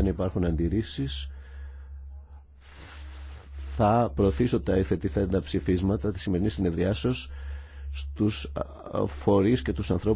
δεν υπάρχουν αντιρρήσεις θα προωθήσω τα εθετηθέντα ψηφίσματα της σημερινής συνεδριάσεως στους φορείς και τους ανθρώπους